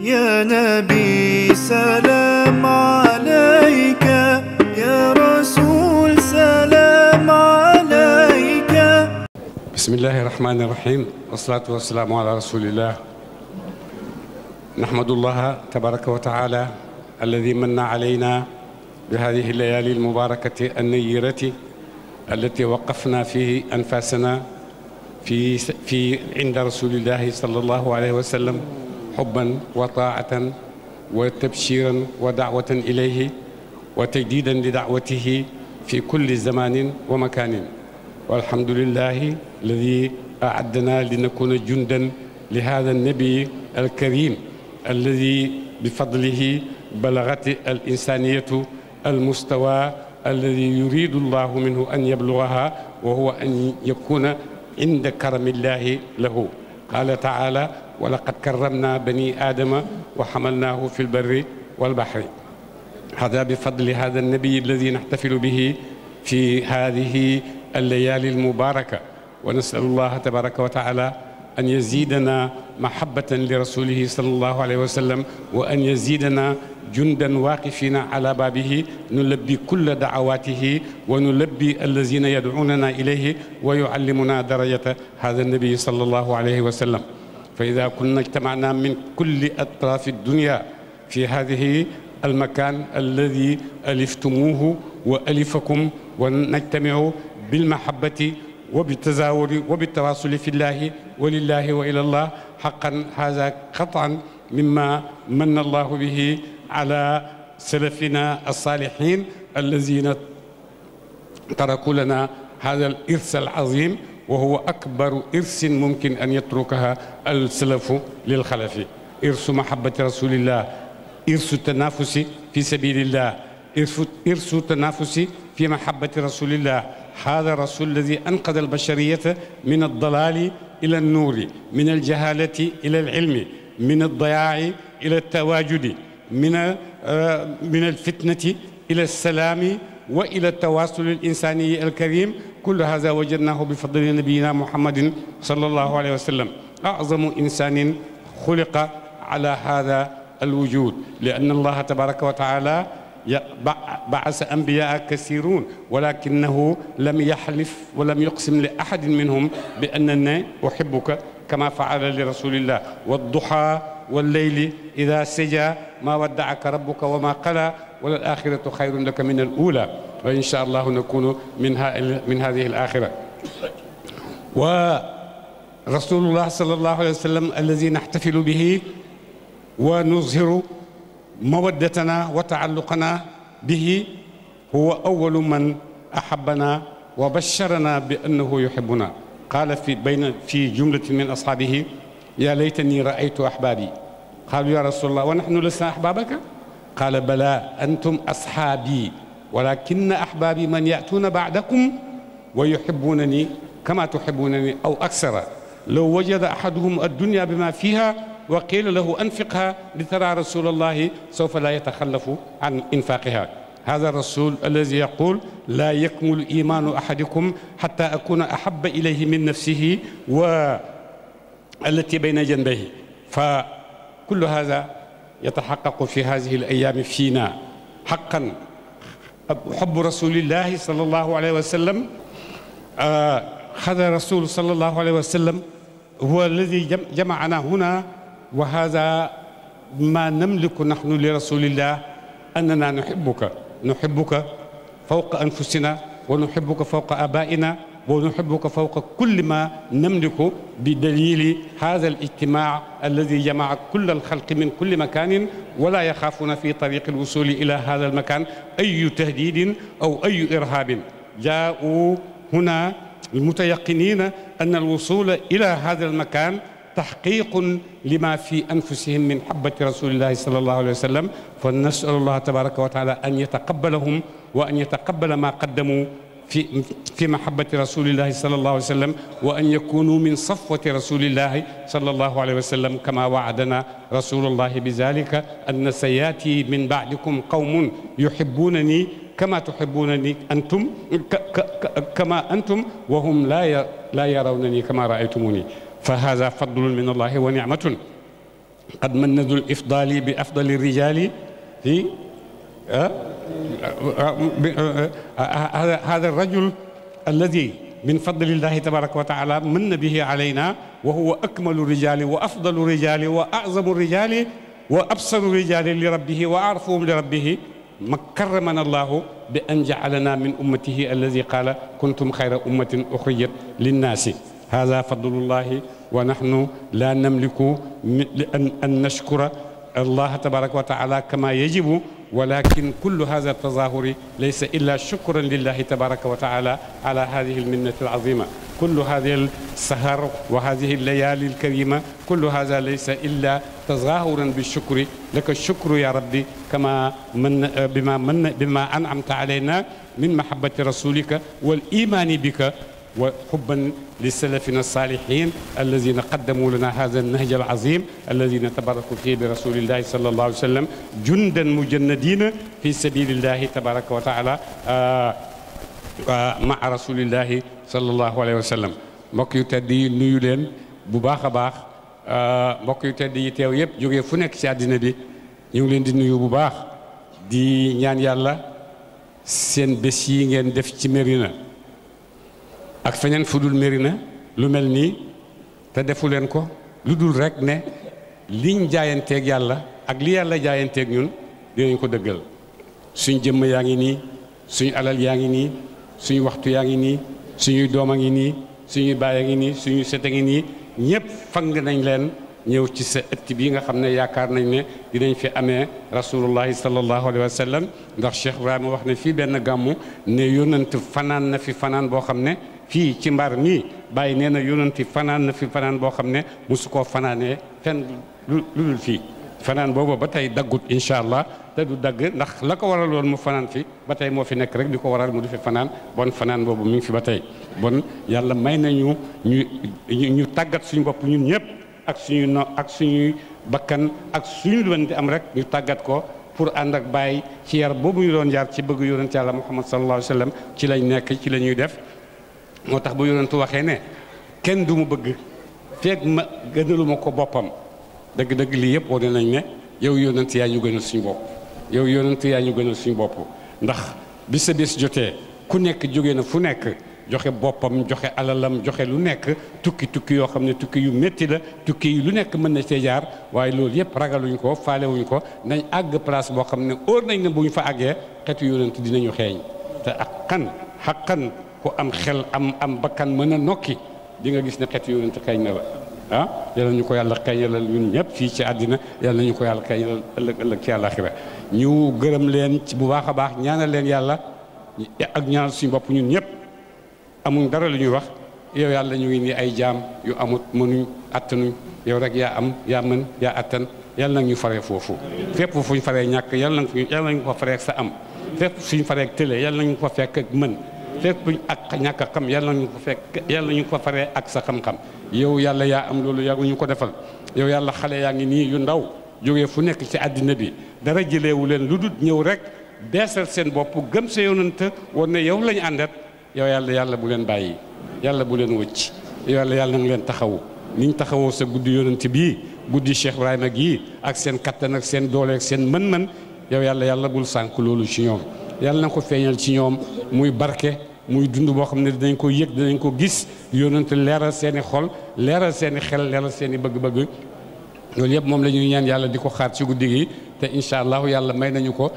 يا نبي سلام عليك يا رسول سلام عليك بسم الله الرحمن الرحيم والصلاة والسلام على رسول الله نحمد الله تبارك وتعالى الذي من علينا بهذه الليالي المباركة النيرة التي وقفنا فيه أنفاسنا في في عند رسول الله صلى الله عليه وسلم حبا وطاعة وتبشيرا ودعوة إليه وتجديدا لدعوته في كل زمان ومكان والحمد لله الذي أعدنا لنكون جندا لهذا النبي الكريم الذي بفضله بلغت الإنسانية المستوى الذي يريد الله منه أن يبلغها وهو أن يكون عند كرم الله له قال تعالى ولقد كرمنا بني آدم وحملناه في البر والبحر هذا بفضل هذا النبي الذي نحتفل به في هذه الليالي المباركة ونسأل الله تبارك وتعالى أن يزيدنا محبة لرسوله صلى الله عليه وسلم وأن يزيدنا جندا واقفين على بابه نلبي كل دعواته ونلبي الذين يدعوننا إليه ويعلمنا درجة هذا النبي صلى الله عليه وسلم فإذا كنا اجتمعنا من كل أطراف الدنيا في هذه المكان الذي ألفتموه وألفكم ونجتمع بالمحبة وبالتزاور وبالتواصل في الله ولله وإلى الله حقا هذا قطعا مما من الله به على سلفنا الصالحين الذين تركوا لنا هذا الإرث العظيم وهو أكبر إرث ممكن أن يتركها السلف للخلف إرث محبة رسول الله إرث التنافس في سبيل الله إرث التنافس في محبة رسول الله هذا الرسول الذي أنقذ البشرية من الضلال إلى النور من الجهالة إلى العلم من الضياع إلى التواجد من آه، من الفتنة إلى السلام وإلى التواصل الإنساني الكريم كل هذا وجدناه بفضل نبينا محمد صلى الله عليه وسلم أعظم إنسان خلق على هذا الوجود لأن الله تبارك وتعالى بعث أنبياء كثيرون ولكنه لم يحلف ولم يقسم لأحد منهم بأنني أحبك كما فعل لرسول الله والضحى والليل إذا سجى ما ودعك ربك وما قلى وللآخرة خير لك من الأولى وإن شاء الله نكون من, من هذه الآخرة ورسول الله صلى الله عليه وسلم الذي نحتفل به ونظهر مودتنا وتعلقنا به هو أول من أحبنا وبشرنا بأنه يحبنا قال في بين في جملة من أصحابه يا ليتني رأيت أحبابي قالوا يا رسول الله ونحن لسنا أحبابك قال بلى أنتم أصحابي ولكن أحبابي من يأتون بعدكم ويحبونني كما تحبونني أو أكثر لو وجد أحدهم الدنيا بما فيها وقيل له أنفقها لترى رسول الله سوف لا يتخلف عن إنفاقها هذا الرسول الذي يقول لا يكمل إيمان أحدكم حتى أكون أحب إليه من نفسه والتي بين جنبيه فكل هذا يتحقق في هذه الأيام فينا حقا حب رسول الله صلى الله عليه وسلم آه، هذا رسول صلى الله عليه وسلم هو الذي جمعنا هنا وهذا ما نملك نحن لرسول الله أننا نحبك نحبك فوق أنفسنا ونحبك فوق آبائنا ونحبك فوق كل ما نملك بدليل هذا الاجتماع الذي جمع كل الخلق من كل مكان ولا يخافون في طريق الوصول إلى هذا المكان أي تهديد أو أي إرهاب جاءوا هنا المتيقنين أن الوصول إلى هذا المكان تحقيق لما في أنفسهم من حبة رسول الله صلى الله عليه وسلم فنسأل الله تبارك وتعالى أن يتقبلهم وأن يتقبل ما قدموا في في محبة رسول الله صلى الله عليه وسلم وأن يكونوا من صفوة رسول الله صلى الله عليه وسلم كما وعدنا رسول الله بذلك أن سيأتي من بعدكم قوم يحبونني كما تحبونني أنتم كما أنتم وهم لا لا يرونني كما رأيتموني فهذا فضل من الله ونعمة قد من ذو الإفضال بأفضل الرجال في إيه؟ أه؟ هذا الرجل الذي من فضل الله تبارك وتعالى من به علينا وهو أكمل الرجال وأفضل الرجال وأعظم الرجال وأبصر الرجال لربه وأعرفهم لربه كرمنا الله بأن جعلنا من أمته الذي قال كنتم خير أمة أخرجت للناس هذا فضل الله ونحن لا نملك أن نشكر الله تبارك وتعالى كما يجب ولكن كل هذا التظاهر ليس إلا شكرا لله تبارك وتعالى على هذه المنة العظيمة كل هذه السهر وهذه الليالي الكريمة كل هذا ليس إلا تظاهرا بالشكر لك الشكر يا ربي كما من بما, من بما أنعمت علينا من محبة رسولك والإيمان بك وحبا لسلفنا الصالحين الذين قدموا لنا هذا النهج العظيم الذين تبركوا فيه برسول الله صلى الله عليه وسلم جندا مجندين في سبيل الله تبارك وتعالى آآ آه، آآ آه، مع رسول الله صلى الله عليه وسلم mbokk تدي tedd yi nuyu leen bu baax a baax آه، mbokk yu tedd yi teew yëpp jógee fu nekk ci àddina bi ñu ngi leen di nuyu bu baax di ñaan yàlla ak feneen fu dul Mérina lu mel nii te defu leen ko lu dul rekk ne liñ jaayanteeg yàlla ak li yàlla jaayanteeg ñun dinañ ko dëggal suñ jëmm yaa ngi nii suñu alal yaa ngi nii suñu waxtu yaa ngi nii suñuy doom a ngi nii suñuy baay a ngi nii suñuy set a ngi nii ñëpp fang nañ leen ñëw ci sa ëtt bi nga xamne yaakar nañ ne dinañ fi amé rasulullah sallallahu alaihi wasallam ndax Cheikh ibrahim wax ne fi ben gamu ne yonent fanan na fi fanan bo xamne fi ci mbar mi bay nee na yónnanti fanaan na fi fanan bo xamne musuko fanané fen fanaanee fi fanan bobo batay dagut inshallah da du dag ndax la ko waral won mu fanan fi batay mo fi nek rek diko waral mu du fi fanan bon fanan bobu mi fi batay bon yàlla may nañu ñu ñu tagat suñu bop ñun ñëpp ak suñu no ak suñu bakkan ak suñu lu di am rek ñu tàggat ko pour ànd ak bàyyi ci yar boobu ñu doon jaar ci bëgg yonent yàlla muhammad sallallahu alayhi wa sallam ci lañ nekk ci la ñuy def moo tax bu yonentu waxee ne kenn du mu bëgg feeg ma gënaluma ko boppam dëgg-dëgg lii yëpp wane nañ ne yow yonent yaa ñu gënal suñu bopp yow yonent yaa ñu gënal suñu bopp ndax bi sa bis jotee ku nekk jóge na fu nekk joxe boppam joxe alalam joxe lu nekk tukki tukki yoo xam ne tukki yu métti la tukki yi lu nekk mën na see jaar waaye loolu yëpp ragaluñ ko faalewuñu ko nañ àgg place boo xam ne óor nañ ne bu ñu fa àggee xetu yonent dinañu xeeñ te ak kan xaqan ku am xel am am bakkan mën a nokki di nga gis ne xetu yonent xeeñ na la ah yal nañu ko yàlla xeeñalal ñun ñëpp fii ci àddina yal nañu ko yàlla xeeñalal ëllëg ci àllaaxira ñu gërëm leen ci bu baax a baax ñaanal leen yàlla ak ñaanal suñu bopp ñun ñëpp amuñ dara lu ñuy wax yow yàlla ñu ngi nii ay jaam yu amut mënuñ attanuñ yow rek yaa am yaa mën yaa attan yàlla nag ñu faree foofu fépp fuñ faree ñàkk yàlla nag yàlla nañ ko faree sa am fépp suñ faree tële yàlla nañu ko fekk ak mën fépp ak ñàkk xam yàlla nañu ko fekk yal ñu ko faree ak sa xam-xam yow yàlla yaa am loolu yaa ñu ko defal yow yàlla xale yaa ngi nii yu ndaw jógee fu nekk ci àddina bi dara jëleewu leen lu dul ñëw rek beesal seen bopp gëm yow yàlla yàlla bu leen bàyyi yàlla bu leen wëcc yàlla yàlla nanga leen taxawu niñ taxawoo sa guddi yonent bii guddi Cheikh Ibrahima ak yii seen kàttan ak seen doole ak seen mën-mën yow yàlla yàlla bul sànk loolu ci ñoom yàlla na ko feeñal ci ñoom muy barke muy dund boo xam ne dañ ko yëg dinañ ko gis yonent leeral seeni xol leeral seeni xel leeral seeni bëgg-bëgg loolu yëpp moom la ñuy ñaan yàlla di ko xaar ci guddi gi te incha allahu yàlla may nañu ko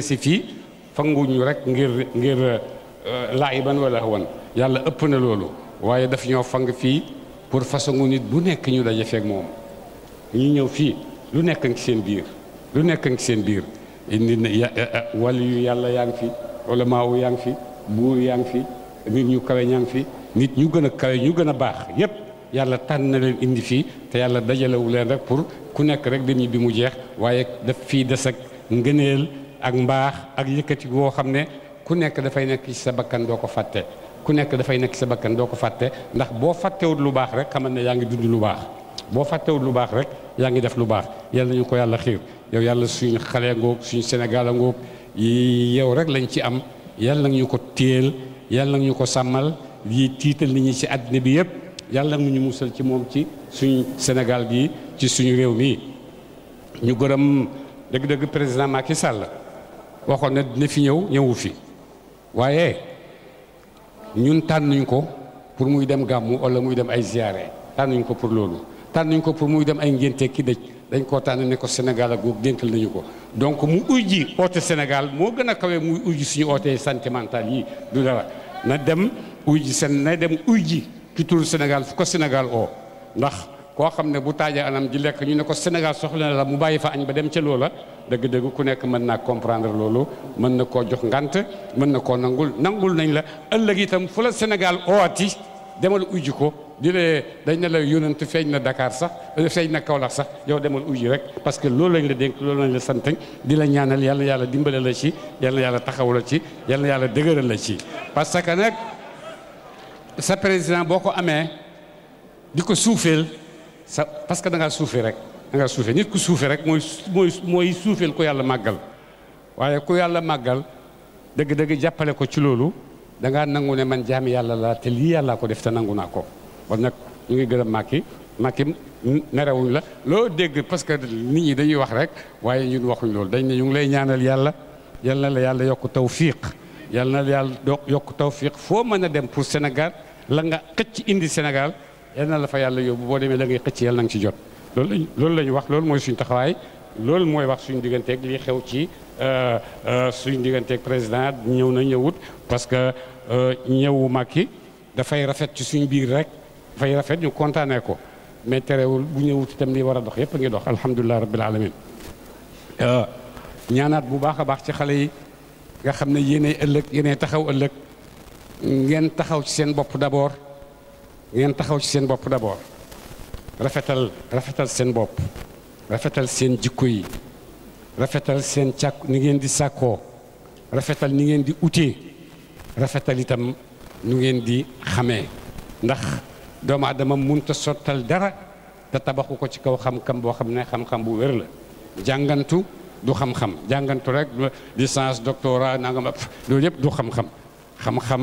si fii fanguñu rek ngir ngir euh, laayiban wala wan yàlla ëpp na loolu waaye daf ñoo fang fii pour façon nit bu nekk ñu daje feeg moom ñu ñëw fii lu nekk ngi seen biir lu nekk ngi seen biir indi na wali yu yàlla yaa ngi fi wala maawu yaa fi buur yaa ngi fi nit ñu kawe ñaa ngi fi nit ñu gën a kawe ñu gën a baax yépp yàlla tànn na leen indi fii te yàlla dajalewu leen rek pour ku nekk rek dem bi mu jeex waaye def fii des ak ngëneel ak mbaax ak yëkkati goo xam ne ku nekk dafay nekk ci sa bakkan doo ko fàtte ku nekk dafay nekk ci sa bakkan doo ko fàtte ndax boo fàttewut lu baax rek xamal ne yaa ngi dund lu baax boo fàttewut lu baax rek yaa ngi def lu baax yàlla na ñu ko yàlla xiir yow yàlla suñu xale ngoog suñu Sénégal ngoog yi yow rek lañ ci am yàlla ñu ko téel yàlla ñu ko sàmmal yi tiital nit ñi ci àddina bi yëpp yàlla ñu musal ci moom ci suñu Sénégal gi ci suñu réew mi ñu gërëm dëgg-dëgg président Macky Sall waxoon na dina fi ñëw ñëwu fi waaye ñun tànnuñ ko pour muy dem gàmmu wala muy dem ay ziare tànnuñ ko pour loolu tànnuñ ko pour muy dem ay ngénte ki dëj dañ koo tànn ni ko Sénégal ak góob dénkal nañu ko donc mu ujji oote Sénégal moo gën a kawe muy ujji suñu oote sentimental yi du dara na dem ujji seen na dem ujji ci turu Sénégal fu ko Sénégal oo ndax koo xam ne bu taajee anam ji lekk ñu ne ko Sénégal soxla na la mu bàyyi fa añ ba dem ca loola dëgg-dëgg ku nekk mën naa comprendre loolu mën na koo jox ngant mën na koo nangul nangul nañ la ëllëg itam fu la Sénégal ooti demal uji ko di la dañ ne la yónent feeñ na dakaar sax feeñ na Kaolack sax yow demal uji rek parce que loolu lañ la dénk loolu lañ la sant di la ñaanal yàlla yàlla dimbale la ci yàlla yàlla taxaw la ci yàlla yàlla dëgëral la ci parce sa boo ko amee di ko sa parce que da ngaa rek da ngaa suufee nit ku suufee rek mooy mooy mooy suufeel ko yàlla màggal waaye ku yàlla màggal dégg dëgg jàppale ko ci loolu da ngaa nangu ne man jaami yàlla laa te lii yàllaa ko def te nangu naa ko kon nag ñu ngi gërëm màkki màkki merewuñ la loo dégg parce que nit ñi dañuy wax rek waaye ñun waxuñ loolu dañ ne ñu ngi lay ñaanal yàlla yal na la yàlla yokk tawfiq yal na yàlla yàlla yokk tawfiq foo mën a dem pour Sénégal la nga xëcc indi Sénégal yal na la fa yàlla yóbbu bo demé da ngay xëc yàlla na nga ci jot lool lañ loolu la wax lool moy suñu taxaway lool moy wax suñu digënté ak li xew ci euh euh suñu digënté ak président ñëw na ñëwut parce que euh ñëwu da fay rafet ci suñu biir rek fay rafet ñu contané ko mais terewul bu ñëwut tam li wara dox yëpp a ngi dox alhamdullah rabbil alamin euh ñaanaat bu baaxa baax ci xale yi nga xamné yéné ëlëk yéné taxaw ëlëk ngeen taxaw ci seen bopp d'abord ngeen taxaw ci seen bopp d'abord rafetal rafetal seen bopp rafetal seen jikko yi rafetal seen càkk ni ngeen di sàkkoo rafetal ni ngeen di utee rafetal itam nu ngeen di xamee ndax doomu aadama munta sottal dara te tabaxu ko ci kaw xam-xam boo xam ne xam-xam bu wér la jàngantu du xam-xam jàngantu rek licence doctorat nangam loolu yëpp du xam-xam xam-xam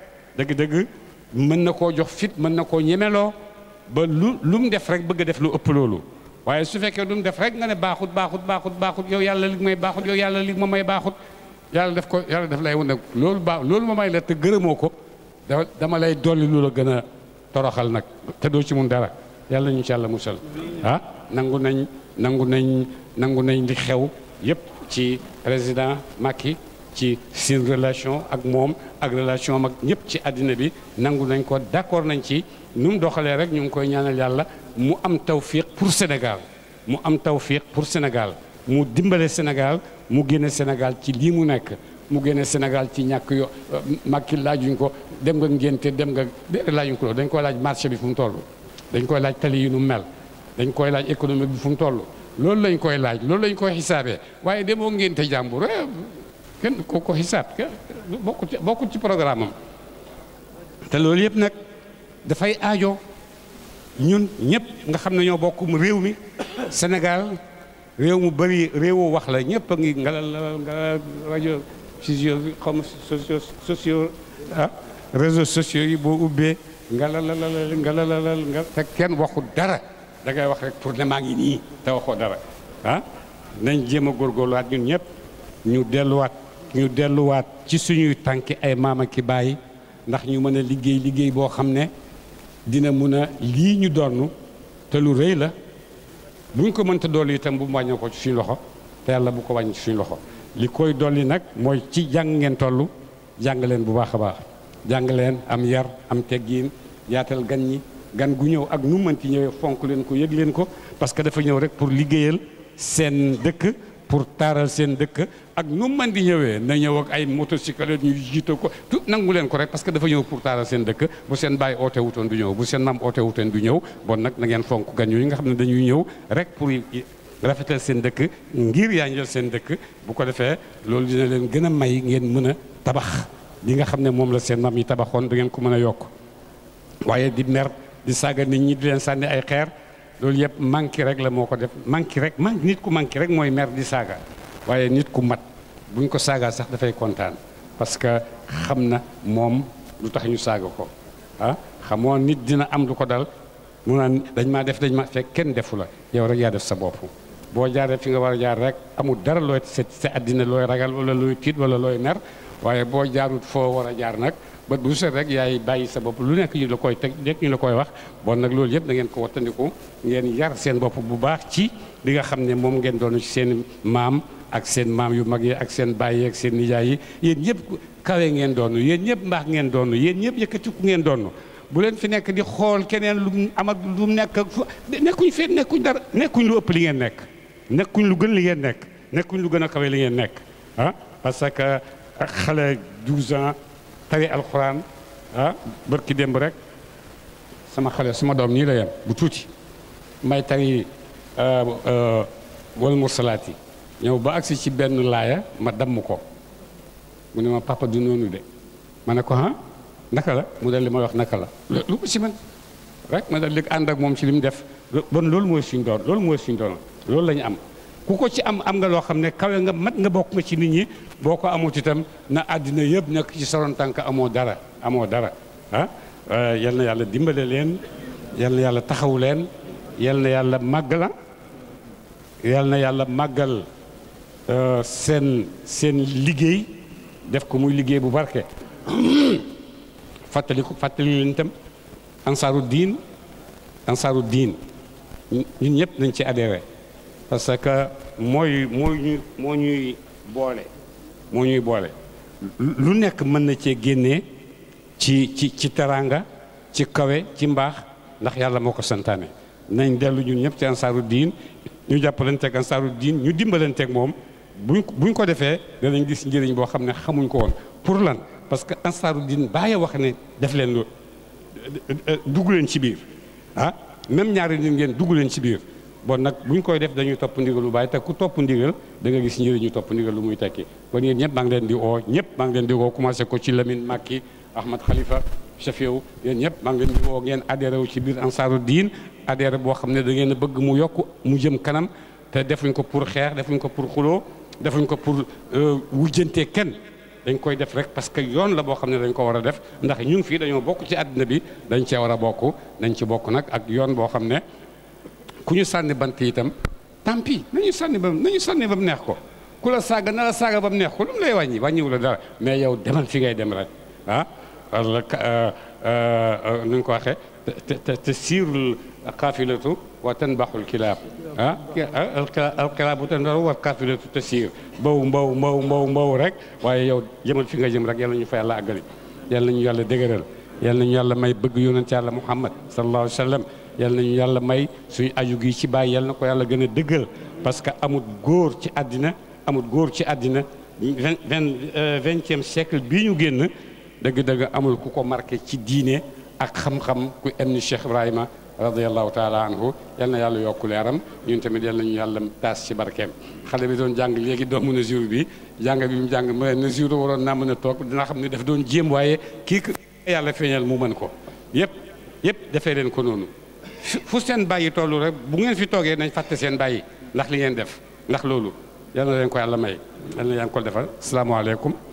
dëgg-dëgg mën na koo jox fit mën na koo ñemeloo ba lu lu mu def rek bëgg def lu ëpp loolu waaye su fekkee lu mu def rek nga ne baaxut baaxut baaxut baaxut yow yàlla lig may baaxut yow yàlla lig ma may baaxut yàlla def ko yàlla def lay wane loolu baax loolu ma may la te gërëmoo ko dama lay dolli lu la gën a toroxal nag te doo ci mun dara yàlla ñu ci yàlla musal ah nangu nañ nangu nañ nangu nañ li xew yépp ci président Macky ci seen relation ak moom ak relation am ak ñëpp ci àddina bi nangu nañ ko d'accord nañ ci nu mu doxalee rek ñu ngi koy ñaanal yàlla mu am tawfiq pour Sénégal mu am tawfiq pour Sénégal mu dimbale Sénégal mu génne Sénégal ci lii mu nekk mu génne Sénégal ci ñàkk yo Macky laajuñ ko dem nga ngénte dem nga laajuñ ko dañ koy laaj marché bi fu mu toll dañ koy laaj tali yi nu mel dañ koy laaj économique bi fu mu toll loolu lañ koy laaj loolu lañ koy xisaabee waaye demoo ngénte eh, kenn ko ko xisaab kenn bokkut ci bokkut ci programme te loolu yëpp nag dafay aajo ñun ñëpp nga xam ne ñoo bokk réew mi Sénégal réew mu bëri réewu wax la ñëpp a ngi ngalal ngalal rajo socio comme socio socio ah réseaux sociaux yi boo ubbee nga ngalalalal la nga te kenn waxu dara da ngay wax rek pour ne maa ngi nii te waxoo dara ah nañ jéem a at ñun ñëpp ñu delluwaat ñu delluwaat ci suñuy tànki ay maam ak i ndax ñu mën a liggéey liggéey boo xam ne dina mun a lii ñu donn te lu rëy la buñ ko mënta dolli itam bu mu wàññoo ko ci suñu loxo te yàlla bu ko wàññi ci suñu loxo li koy dolli nag mooy ci jàng ngeen tollu jàng leen bu baax a baax jàng leen am yar am teggiin yaatal gan ñi gan gu ñëw ak nu mënti ñëwee fonk leen ko yëg leen ko parce que dafa ñëw rek pour liggéeyal seen dëkk pour taaral seen dëkk ak nu man di ñëwee na ñëw ak ay motocyclette ñu jiite ko tout nangu leen ko rek parce que dafa ñëw pour taaral seen dëkk bu seen bàyyi oote wutoon du ñëw bu seen maam oote wutoon du ñëw bon nag na ngeen fonk gan yooyu nga xam ne dañuy ñëw rek pour rafetal seen dëkk ngir yaanjal seen dëkk bu ko defee loolu dina leen gën a may ngeen mën a tabax li nga xam ne moom la seen maam yi tabaxoon da ngeen ko mën a yokk waaye di mer di saaga ñi di leen sànni ay xeer loolu yëpp manqué rek la moo ko def manqué rek man nit ku manqué rek mooy mer di saaga waaye nit ku mat bu ñu ko saagaa sax dafay kontaan parce que xam na moom lu tax ñu saaga ko ah xamoo nit dina am lu ko dal mu naan dañ maa def dañ ma fekk kenn defu la yow rek yaa def sa bopp boo jaaree fi nga war a jaar rek amul dara looy set sa àddina looy ragal wala looy tiit wala looy mer waaye boo jaarut foo war a jaar nag bët bu set rek yaay bàyyi sa bopp lu nekk ñu la koy teg nekk ñu la koy wax bon nag loolu yëpp da ngeen ko wattandiku ngeen yar seen bopp bu baax ci li nga xam ne moom ngeen doon ci seen maam ak seen maam yu mag yi ak seen baay yi ak seen nijaay yi yéen ñëpp kawe ngeen doon yéen ñëpp mbaax ngeen doon yéen ñëpp yëkkatiku ngeen doon bu leen fi nekk di xool keneen lu amat lu nekk nekkuñ fee nekkuñ dara nekkuñ lu ëpp li ngeen nekk nekkuñ lu gën li ngeen nekk nekkuñ lu gën a kawe li ngeen nekk ah parce que xale 12 ans. tari alxuraan ah bërki démb rek sama xale suma doom nii la yam bu tuuti may tari ah, ah, wal mursalaat yi ñëw ba agsi ci benn laaya ma damm ko mu ne ma papa du de ma ne ko ah naka la mu dal li may wax naka la lu ko si man rek ma dal li ànd ak moom ci li mu def bon loolu mooy suñ doon loolu mooy suñ doon loolu lañu am ku ko ci am am nga loo xam ne kawe nga mat nga bokk nga ci nit ñi boo ko amut itam na àddina yëpp nekk ci soron tànk amoo dara amoo dara ah yal na yàlla dimbale leen yal na yàlla taxaw leen yal na yàlla màggala yal na yàlla màggal euh, seen seen liggéey def ko muy liggéey bu barke fàttaliku ko fàttali leen itam ansaaru diin ansaaru diin ñun ñëpp nañ ci adhéré parce que mooy moo moo ñuy boole moo ñuy boole lu nekk mën na cee génnee ci ci ci teraanga ci kawe ci mbaax ndax yàlla moo ko santaane nañ dellu ñun ñëpp ci ansaaru diin ñu jàppalanteeg ansaaru diin ñu dimbalanteeg moom buñ buñ ko defee danañ gis njëriñ boo xam ne xamuñ ko woon pour lan parce que ansaaru diin bàyyi wax ne def leen lu dugg leen ci biir ah même ñaari nit ngeen dugg leen ci biir bon nag bu koy def dañuy topp ndigal lu bàyyi te ku topp ndigal da nga gis njëriñu topp ndigal lu muy tekki kon yéen ñëpp maa ngi leen di oo ñëpp maa ngi leen di woo commencé ko ci Lamine Makki Ahmad Khalifa Chafiow yéen ñëpp maa ngi leen di woo ngeen adhéré wu ci biir ansaaru diin adhéré boo xam ne da bëgg mu yokk mu jëm kanam te defuñ ko pour xeex defuñ ko pour xuloo defuñ ko pour euh, wujjantee kenn dañ koy def rek parce que yoon la boo xam ne dañ ko war a def ndax ñun fii dañoo bokk ci àddina bi dañ cee war a bokk dañ ci bokk nag ak yoon boo xam ne kuñu ñu sànni bant itam tant pis nañu sànni ba nañu sànni ba neex ko ku la saaga na la saaga ba mu neex ko lu mu lay wàññi wàññiwu la dara mais yow demal fi ngay dem rek ah wala nu nga ko waxee te te te siirul kaafilatu wa tanbaxul kilaab ah tan tandaru wa kaafilatu te siir mbaw mbaw mbaw mbaw mbaw rek waaye yow jëmal fi nga jëm rek yàlla ñu fa yàlla àggali yàlla ñu yàlla dëgëral yàlla ñu yàlla may bëgg yonent yàlla Muhammad sallallahu alayhi wa sallam yalla nañu yalla may suñu aju gi ci baye yalla nako yalla gëna deugël parce que amut goor ci adina amut goor ci adina 20 20e siècle bi ñu genn deug deug amul kuko marqué ci diiné ak xam xam ku enni cheikh ibrahima رضي الله تعالى عنه يالنا يالا يوكو ليرام ني نتا ميديال نيو يالا تاس سي باركيم خالي بي دون جانغ ليغي دوم نزور بي جانغ بي جانغ مي نزور ورون نام نا توك دنا خامني داف دون جيم وايي كيك يالا فينال مو مان كو ييب ييب دافاي لين fu seen bàyyi tollu rek bu ngeen fi toogee nañ fàtte seen bàyyi ndax li ngeen def ndax loolu yal na leen ko yàlla may yal na leen ko defal salaamaaleykum